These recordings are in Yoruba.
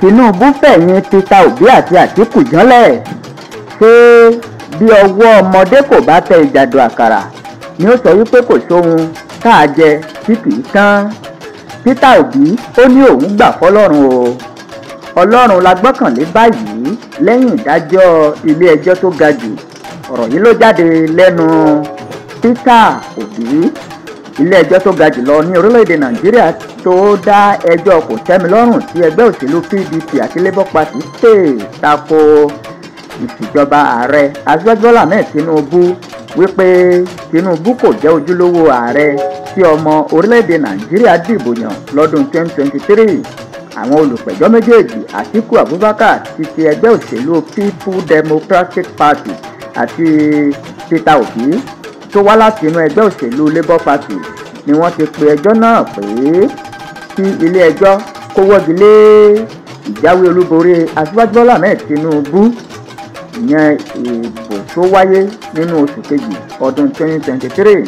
tinubu fẹ̀yìn peter obi àti àtìkù janlẹ̀ pé bí ọwọ́ ọmọdé kò bá tẹ ìjàdù àkàrà ni ó sọ wípé kò sóhun tá a jẹ tí kì í tán peter obi ó ní òun gbà fọlọ́run o ọlọ́run la gbọ́kànlé báyìí lẹ́yìn ìdájọ́ ilé tó ga jù ọ̀rọ̀ yìí ló jáde lẹ́nu peter obi ilé-ẹjọ́ tó ga jùlọ ní orílẹ̀-èdè nàìjíríà tó dá ẹjọ́ kò tẹ́milọ́rùn tí ẹgbẹ́ òṣèlú pdp àti labour party pè tako ìṣèjọba ààrẹ aṣíwájú bọ́lá ahmed tinubu wípé tinubu kò jẹ́ ojúlówó ààrẹ tí ọmọ orílẹ̀-èdè nàìjíríà dìbò yàn lọ́dún 2023 àwọn olùpẹ̀jọ́ méjèèjì àtiku abubakar ti ti ẹgbẹ́ òṣèlú people democratic party àti peter obi tó wá láti inú ẹgbẹ́ òṣèlú labour party ni wọ́n ti pe ẹjọ́ náà pé kí ilé ẹjọ́ kó wọ́gi lé ìjáwé olúborí aṣíwájú bọ́lá ahmed tinubu ìyẹn ìbò tó wáyé nínú oṣù kejì ọdún 2023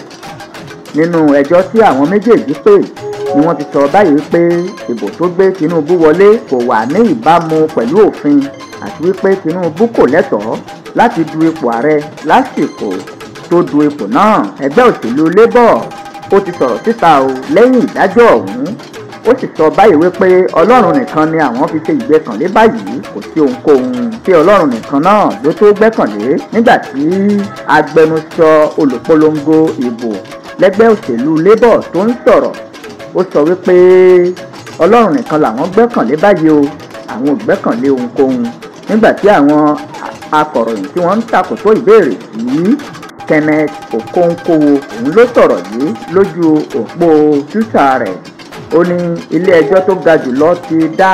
nínú ẹjọ́ tí àwọn méjèèjì pè ni wọ́n ti sọ báyìí pé ìbò tó gbé tinubu wọlé kò wà ní ìbámu pẹ̀lú òfin àti wípé tinubu kò lẹ́tọ̀ọ́ láti du ipò ààrẹ lásìkò tó du ipò náà ẹgbẹ́ òṣèlú labour ó ti sọ̀rọ̀ síta o lẹ́yìn ìdájọ́ ọ̀hún ó sì sọ báyìí wípé ọlọ́run nìkan ni àwọn fi ṣe ìgbẹ́kànlé báyìí kò sí ohunkóhun tí ọlọ́run nìkan náà ló tó gbẹ́kànlé nígbà tí agbẹnusọ olùpolongo ìbò lẹ́gbẹ́ òṣèlú labour tó ń sọ̀rọ̀ ó sọ wípé ọlọ́run nìkan làwọn gbẹ́kànlé báyìí o àwọn ò ohunkóhun nígbà tí àwọn akọ̀ròyìn tí wọ́n ń takò tó ìbéèrè yìí Kenneth Okonkwo òun ló sọ̀rọ̀ yìí lójú òpó twitter rẹ̀ ó ní ilé-ẹjọ́ tó ga jùlọ ti dá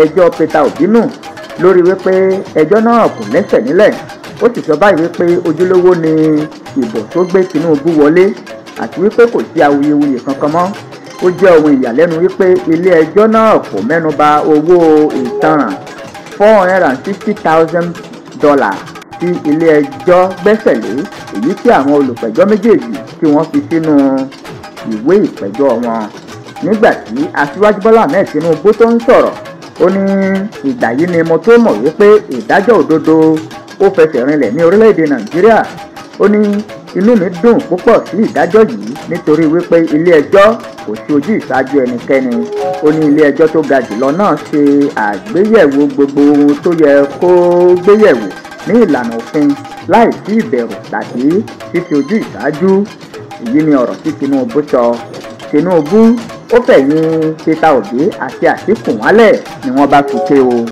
ẹjọ́ Peter Obi nù lórí wípé ẹjọ́ náà kò lẹ́sẹ̀ nílẹ̀ ó sì sọ báyìí wípé ojúlówó ni ìbò tó gbé Tinubu wọlé àti wípé kò sí awuyewuye kankan mọ́ ó jẹ́ ohun ìyàlẹ́nu wípé ilé ẹjọ́ náà kò mẹ́nuba owó ìtanràn four hundred and fifty thousand dollars tí ilé-ẹjọ́ gbẹ́sẹ̀ lé èyí tí àwọn olùpẹ̀jọ́ méjèèjì tí wọ́n fi sínú ìwé ìpẹ̀jọ́ wọn nígbà tí aṣíwájú bọ́lá ahmed tinubu tó ń sọ̀rọ̀ ó ní ìgbà yìí ni mo tó mọ̀ wípé ìdájọ́ òdodo ó fẹsẹ̀ rinlẹ̀ ní orílẹ̀-èdè nàìjíríà ó ní inú mi dùn púpọ̀ sí ìdájọ́ yìí nítorí wípé ilé-ẹjọ́ kò sí ojú ìṣáájú ẹnikẹ́ni ó ní ilé-ẹjọ́ tó ga jùlọ náà ṣe àgbéyẹ̀wò gbogbo ohun tó yẹ kó gbéyẹ̀wò ní ìlànà òfin láì sí ìbẹ̀rù tàbí fífi ojú ìṣáájú èyí ni ọ̀rọ̀ tí Tinubu sọ Tinubu ó fẹ̀yìn Peter Obi àti Àtíkù wálẹ̀ ni wọ́n bá fi ké o